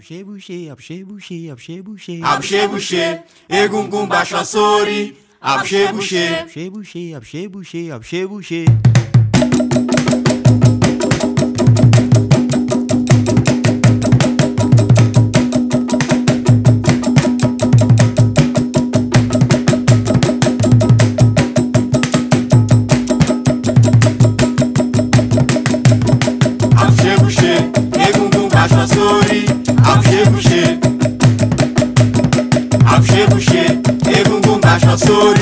abshe bushe abshe bushe abshe bushe abshe bushe egun gun bashasori abshe bushe abshe bushe abshe bushe abshe bushe Sorry. Avje bouché, avje bouché, e goun goun